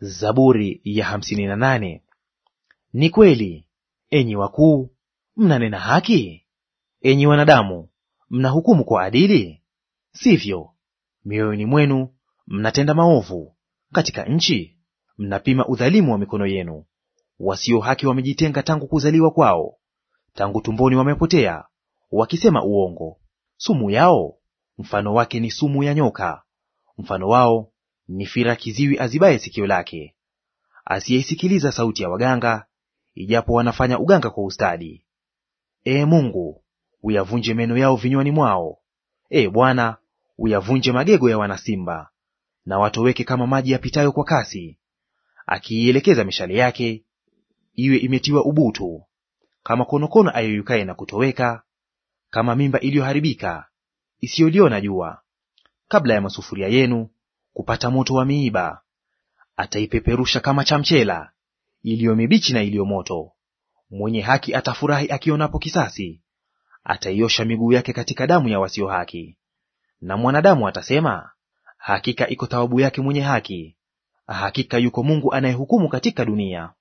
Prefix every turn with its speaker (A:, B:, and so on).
A: Zaburi ya hamsini na nane. Ni kweli, enyi wakuu, mnanena haki? Enyi wanadamu, mnahukumu kwa adili? Sivyo. Mioyoni mwenu mnatenda maovu, katika nchi mnapima udhalimu wa mikono yenu. Wasio haki wamejitenga tangu kuzaliwa kwao, tangu tumboni wamepotea, wakisema uongo. Sumu yao mfano wake ni sumu ya nyoka, mfano wao ni fira kiziwi azibaye sikio lake, asiyeisikiliza sauti ya waganga, ijapo wanafanya uganga kwa ustadi. Ee Mungu, uyavunje meno yao vinywani mwao. Ee Bwana, uyavunje magego ya wanasimba, na watoweke kama maji yapitayo kwa kasi. Akiielekeza mishale yake iwe imetiwa ubutu, kama konokono ayoyukaye na kutoweka, kama mimba iliyoharibika isiyoliona jua. Kabla ya masufuria yenu kupata moto wa miiba. Ataipeperusha kama chamchela, iliyo mibichi na iliyo moto. Mwenye haki atafurahi akionapo kisasi, ataiosha miguu yake katika damu ya wasio haki. Na mwanadamu atasema, hakika iko thawabu yake mwenye haki, hakika yuko Mungu anayehukumu katika dunia.